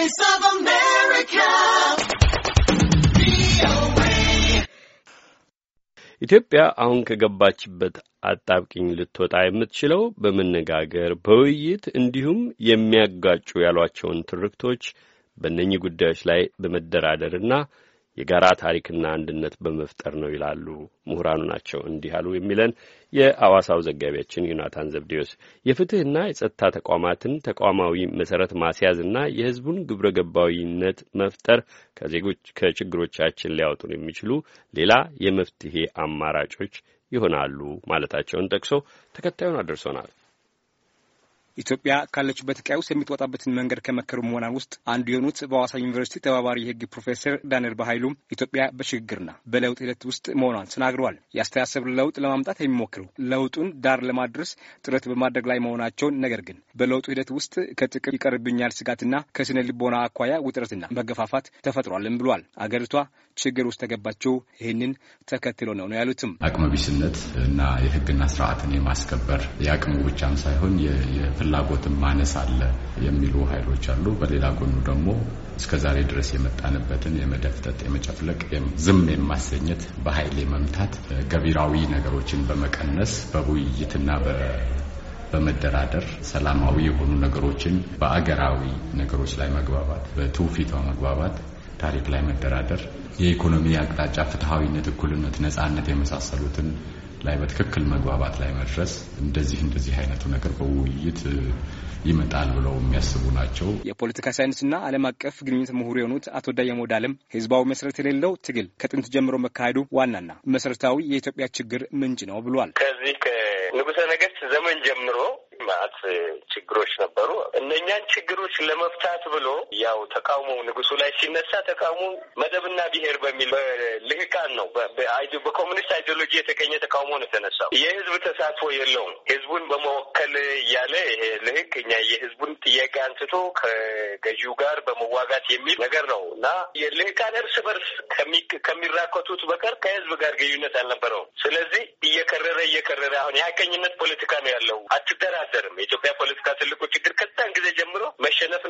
Voice of America. ኢትዮጵያ አሁን ከገባችበት አጣብቅኝ ልትወጣ የምትችለው በመነጋገር በውይይት እንዲሁም የሚያጋጩ ያሏቸውን ትርክቶች በእነኚህ ጉዳዮች ላይ በመደራደርና የጋራ ታሪክና አንድነት በመፍጠር ነው ይላሉ ምሁራኑ ናቸው እንዲህ አሉ የሚለን የአዋሳው ዘጋቢያችን ዮናታን ዘብዴዎስ የፍትህና የጸጥታ ተቋማትን ተቋማዊ መሰረት ማስያዝና የህዝቡን ግብረ ገባዊነት መፍጠር ከዜጎች ከችግሮቻችን ሊያወጡን የሚችሉ ሌላ የመፍትሄ አማራጮች ይሆናሉ ማለታቸውን ጠቅሶ ተከታዩን አድርሶናል። ኢትዮጵያ ካለችበት ቀውስ የምትወጣበትን መንገድ ከመከሩ ምሁራን ውስጥ አንዱ የሆኑት በሐዋሳ ዩኒቨርሲቲ ተባባሪ የሕግ ፕሮፌሰር ዳንኤል በኃይሉም ኢትዮጵያ በሽግግርና በለውጥ ሂደት ውስጥ መሆኗን ተናግረዋል። የአስተሳሰብ ለውጥ ለማምጣት የሚሞክሩ ለውጡን ዳር ለማድረስ ጥረት በማድረግ ላይ መሆናቸውን፣ ነገር ግን በለውጡ ሂደት ውስጥ ከጥቅም ይቀርብኛል ስጋትና ከስነ ልቦና አኳያ ውጥረትና መገፋፋት ተፈጥሯልም ብሏል። አገሪቷ ችግር ውስጥ ተገባቸው ይህንን ተከትሎ ነው ነው ያሉትም አቅመቢስነት እና የሕግና ስርዓትን የማስከበር የአቅሙ ብቻም ሳይሆን ፍላጎትን ማነስ አለ የሚሉ ኃይሎች አሉ። በሌላ ጎኑ ደግሞ እስከዛሬ ድረስ የመጣንበትን የመደፍጠጥ፣ የመጨፍለቅ፣ ዝም የማሰኘት በኃይል መምታት ገቢራዊ ነገሮችን በመቀነስ በውይይትና በመደራደር ሰላማዊ የሆኑ ነገሮችን በአገራዊ ነገሮች ላይ መግባባት፣ በትውፊቷ መግባባት፣ ታሪክ ላይ መደራደር፣ የኢኮኖሚ አቅጣጫ፣ ፍትሐዊነት፣ እኩልነት፣ ነጻነት የመሳሰሉትን ላይ በትክክል መግባባት ላይ መድረስ እንደዚህ እንደዚህ አይነቱ ነገር በውይይት ይመጣል ብለው የሚያስቡ ናቸው። የፖለቲካ ሳይንስና ዓለም አቀፍ ግንኙነት ምሁር የሆኑት አቶ ዳየሞድ አለም ህዝባዊ መሰረት የሌለው ትግል ከጥንት ጀምሮ መካሄዱ ዋናና መሰረታዊ የኢትዮጵያ ችግር ምንጭ ነው ብሏል። ከዚህ ከንጉሰ ነገስት ዘመን ጀምሮ ልማት ችግሮች ነበሩ። እነኛን ችግሮች ለመፍታት ብሎ ያው ተቃውሞ ንጉሱ ላይ ሲነሳ ተቃውሞ መደብና ብሔር በሚል ልህቃን ነው በኮሚኒስት አይዲዮሎጂ የተገኘ ተቃውሞ ነው የተነሳው። የህዝብ ተሳትፎ የለውም ህዝቡን በመወከል እያለ ይሄ ልህቅ እኛ የህዝቡን ጥያቄ አንስቶ ከገዢው ጋር በመዋጋት የሚል ነገር ነው እና የልህቃን እርስ በርስ ከሚራከቱት በቀር ከህዝብ ጋር ግንኙነት አልነበረውም። ስለዚህ እየከረረ እየከረረ አሁን የሀቀኝነት ፖለቲካ ነው ያለው አትደራ አያደርም። የኢትዮጵያ ፖለቲካ ትልቁ ችግር ከዛን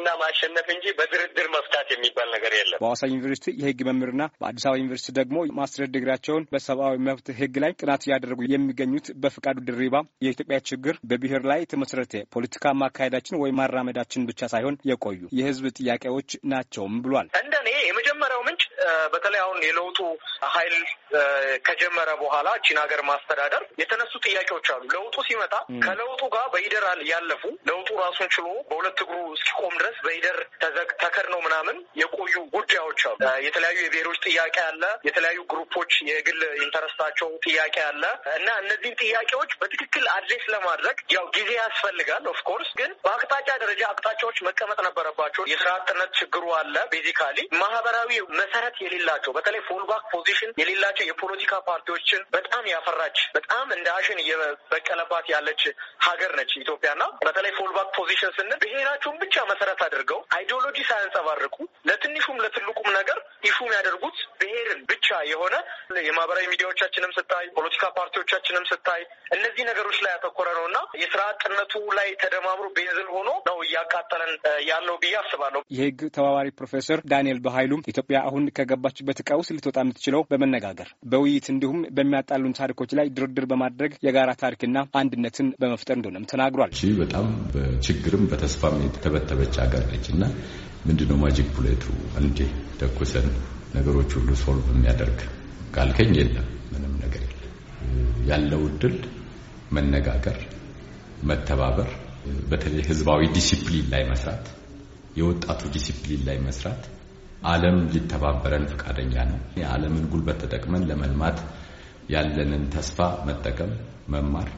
መውጣትና ማሸነፍ እንጂ በድርድር መፍታት የሚባል ነገር የለም። በአዋሳ ዩኒቨርሲቲ የህግ መምህርና በአዲስ አበባ ዩኒቨርሲቲ ደግሞ ማስትሬት ዲግሪያቸውን በሰብአዊ መብት ህግ ላይ ጥናት እያደረጉ የሚገኙት በፍቃዱ ድሪባ የኢትዮጵያ ችግር በብሔር ላይ የተመሰረተ ፖለቲካ ማካሄዳችን ወይም ማራመዳችን ብቻ ሳይሆን የቆዩ የህዝብ ጥያቄዎች ናቸውም ብሏል። የመጀመሪያው ምንጭ በተለይ አሁን የለውጡ ኃይል ከጀመረ በኋላ ቺን ሀገር ማስተዳደር የተነሱ ጥያቄዎች አሉ። ለውጡ ሲመጣ ከለውጡ ጋር በይደር ያለፉ ለውጡ ራሱን ችሎ በሁለት እግሩ እስኪቆም ድረስ ድረስ በሂደር ተከድነው ምናምን የቆዩ ጉዳዮች አሉ። የተለያዩ የብሔሮች ጥያቄ አለ። የተለያዩ ግሩፖች የግል ኢንተረስታቸው ጥያቄ አለ እና እነዚህን ጥያቄዎች በትክክል አድሬስ ለማድረግ ያው ጊዜ ያስፈልጋል። ኦፍኮርስ ግን በአቅጣጫ ደረጃ አቅጣጫዎች መቀመጥ ነበረባቸው። የስራ አጥነት ችግሩ አለ። ቤዚካሊ ማህበራዊ መሰረት የሌላቸው በተለይ ፎልባክ ፖዚሽን የሌላቸው የፖለቲካ ፓርቲዎችን በጣም ያፈራች በጣም እንደ አሽን እየበቀለባት ያለች ሀገር ነች ኢትዮጵያና በተለይ ፎልባክ ፖዚሽን ስንል ብሔራቸውን ብቻ መሰረት መሰረት አድርገው አይዲዮሎጂ ሳያንጸባርቁ ለትንሹም ለትልቁም ነገር ኢሹ የሚያደርጉት ብሔርን ብቻ የሆነ የማህበራዊ ሚዲያዎቻችንም ስታይ ፖለቲካ ፓርቲዎች ፊልሞቻችንም ስታይ እነዚህ ነገሮች ላይ ያተኮረ ነው እና የስራ አጥነቱ ላይ ተደማምሮ ቤንዝል ሆኖ ነው እያቃጠለን ያለው ብዬ አስባለሁ። የህግ ተባባሪ ፕሮፌሰር ዳንኤል በኃይሉም ኢትዮጵያ አሁን ከገባችበት ቀውስ ልትወጣ የምትችለው በመነጋገር በውይይት እንዲሁም በሚያጣሉን ታሪኮች ላይ ድርድር በማድረግ የጋራ ታሪክና አንድነትን በመፍጠር እንደሆነም ተናግሯል። በጣም በችግርም በተስፋም የተበተበች ሀገር ነች እና ምንድነው ማጂክ ቡሌቱ እንዴ ደኩሰን ነገሮች ሁሉ ሶልቭ የሚያደርግ ካልከኝ የለም ምንም ነገር ያለው እድል መነጋገር፣ መተባበር፣ በተለይ ህዝባዊ ዲሲፕሊን ላይ መስራት፣ የወጣቱ ዲሲፕሊን ላይ መስራት ዓለም ሊተባበረን ፈቃደኛ ነው። የዓለምን ጉልበት ተጠቅመን ለመልማት ያለንን ተስፋ መጠቀም፣ መማር፣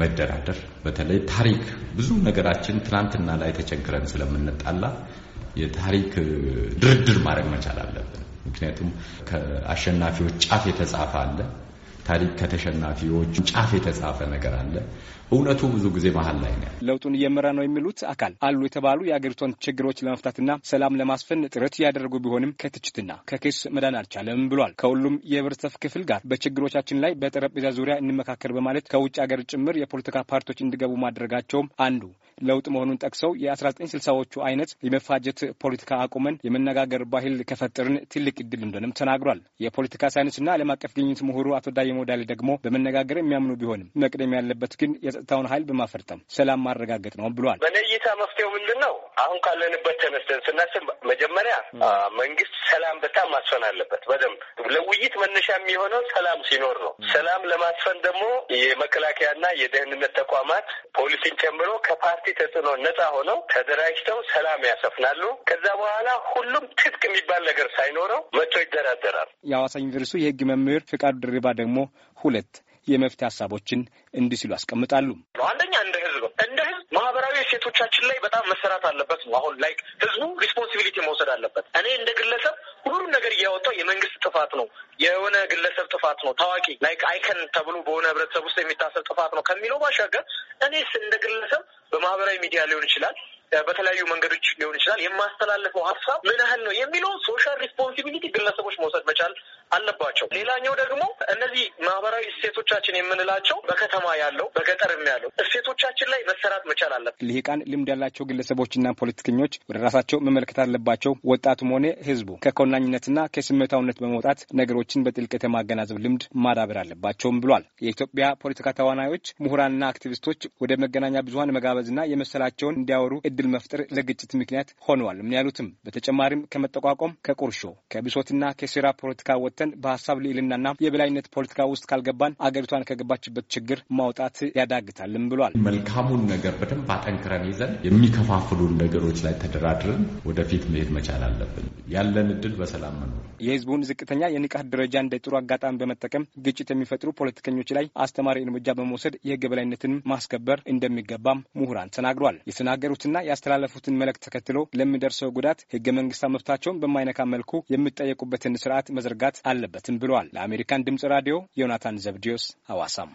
መደራደር በተለይ ታሪክ ብዙ ነገራችን ትናንትና ላይ ተቸንክረን ስለምንጣላ የታሪክ ድርድር ማድረግ መቻል አለብን። ምክንያቱም ከአሸናፊዎች ጫፍ የተጻፈ አለ ታሪክ ከተሸናፊዎች ጫፍ የተጻፈ ነገር አለ። እውነቱ ብዙ ጊዜ መሀል ላይ ነው። ለውጡን እየመራ ነው የሚሉት አካል አሉ የተባሉ የአገሪቷን ችግሮች ለመፍታትና ሰላም ለማስፈን ጥረት እያደረጉ ቢሆንም ከትችትና ከክስ መዳን አልቻለም ብሏል። ከሁሉም የህብረተሰብ ክፍል ጋር በችግሮቻችን ላይ በጠረጴዛ ዙሪያ እንመካከል በማለት ከውጭ ሀገር ጭምር የፖለቲካ ፓርቲዎች እንዲገቡ ማድረጋቸውም አንዱ ለውጥ መሆኑን ጠቅሰው የ1960ዎቹ አይነት የመፋጀት ፖለቲካ አቁመን የመነጋገር ባህል ከፈጠርን ትልቅ እድል እንደሆነም ተናግሯል። የፖለቲካ ሳይንስና ዓለም አቀፍ ግንኙነት ምሁሩ አቶ ዳየ ዳሌ ደግሞ በመነጋገር የሚያምኑ ቢሆንም መቅደም ያለበት ግን የጸጥታውን ኃይል በማፈርጠም ሰላም ማረጋገጥ ነው ብሏል። በእኔ እይታ መፍትሄው ምንድን ነው? አሁን ካለንበት ተነስተን ስናስብ መጀመሪያ መንግስት ሰላም በጣም ማስፈን አለበት። በደንብ ለውይይት መነሻ የሚሆነው ሰላም ሲኖር ነው። ሰላም ለማስፈን ደግሞ የመከላከያና የደህንነት ተቋማት ፖሊሲን ጨምሮ ከፓርቲ ተጽዕኖ ነጻ ሆነው ተደራጅተው ሰላም ያሰፍናሉ። ከዛ በኋላ ሁሉም ትጥቅ የሚባል ነገር ሳይኖረው መጥቶ ይደራደራል። የአዋሳ ዩኒቨርሲቲ የህግ መምህር ፍቃዱ ድሪባ ደግሞ ሁለት የመፍትሄ ሀሳቦችን እንዲህ ሲሉ ያስቀምጣሉ። አንደኛ እንደ ህዝብ እንደ ህዝብ ማህበራዊ እሴቶቻችን ላይ በጣም መሰራት አለበት ነው። አሁን ላይ ህዝቡ ሪስፖንሲቢሊቲ መውሰድ አለበት። እኔ እንደ ግለሰብ ሁሉም ነገር እያወጣው የመንግስት ጥፋት ነው፣ የሆነ ግለሰብ ጥፋት ነው፣ ታዋቂ ላይክ አይከን ተብሎ በሆነ ህብረተሰብ ውስጥ የሚታሰብ ጥፋት ነው ከሚለው ባሻገር እኔስ እንደ ግለሰብ በማህበራዊ ሚዲያ ሊሆን ይችላል በተለያዩ መንገዶች ሊሆን ይችላል የማስተላለፈው ሀሳብ ምን ያህል ነው የሚለው ሶሻል ሪስፖንሲቢሊቲ ግለሰቦች እሴቶቻችን የምንላቸው በከተማ ያለው በገጠርም ያለው ሀገራችን ላይ መሰራት መቻል አለበት። ልሂቃን ልምድ ያላቸው ግለሰቦችና ፖለቲከኞች ወደ ራሳቸው መመልከት አለባቸው። ወጣቱም ሆነ ህዝቡ ከኮናኝነትና ከስሜታውነት በመውጣት ነገሮችን በጥልቀት የማገናዘብ ልምድ ማዳበር አለባቸውም ብሏል። የኢትዮጵያ ፖለቲካ ተዋናዮች፣ ምሁራንና አክቲቪስቶች ወደ መገናኛ ብዙሀን መጋበዝና የመሰላቸውን እንዲያወሩ እድል መፍጠር ለግጭት ምክንያት ሆነዋል። ምን ያሉትም በተጨማሪም ከመጠቋቋም ከቁርሾ ከብሶትና ከሴራ ፖለቲካ ወጥተን በሀሳብ ልዕልናና የበላይነት ፖለቲካ ውስጥ ካልገባን አገሪቷን ከገባችበት ችግር ማውጣት ያዳግታልም ብሏል። መልካሙን ነገር በደንብ አጠንክረን ይዘን የሚከፋፍሉን ነገሮች ላይ ተደራድረን ወደፊት መሄድ መቻል አለብን። ያለን እድል በሰላም መኖር፣ የህዝቡን ዝቅተኛ የንቃት ደረጃ እንደ ጥሩ አጋጣሚ በመጠቀም ግጭት የሚፈጥሩ ፖለቲከኞች ላይ አስተማሪ እርምጃ በመውሰድ የህግ በላይነትን ማስከበር እንደሚገባም ምሁራን ተናግሯል። የተናገሩትና ያስተላለፉትን መልእክት ተከትሎ ለሚደርሰው ጉዳት ህገ መንግስታዊ መብታቸውን በማይነካ መልኩ የሚጠየቁበትን ስርዓት መዘርጋት አለበትም ብለዋል። ለአሜሪካን ድምጽ ራዲዮ ዮናታን ዘብዲዮስ አዋሳም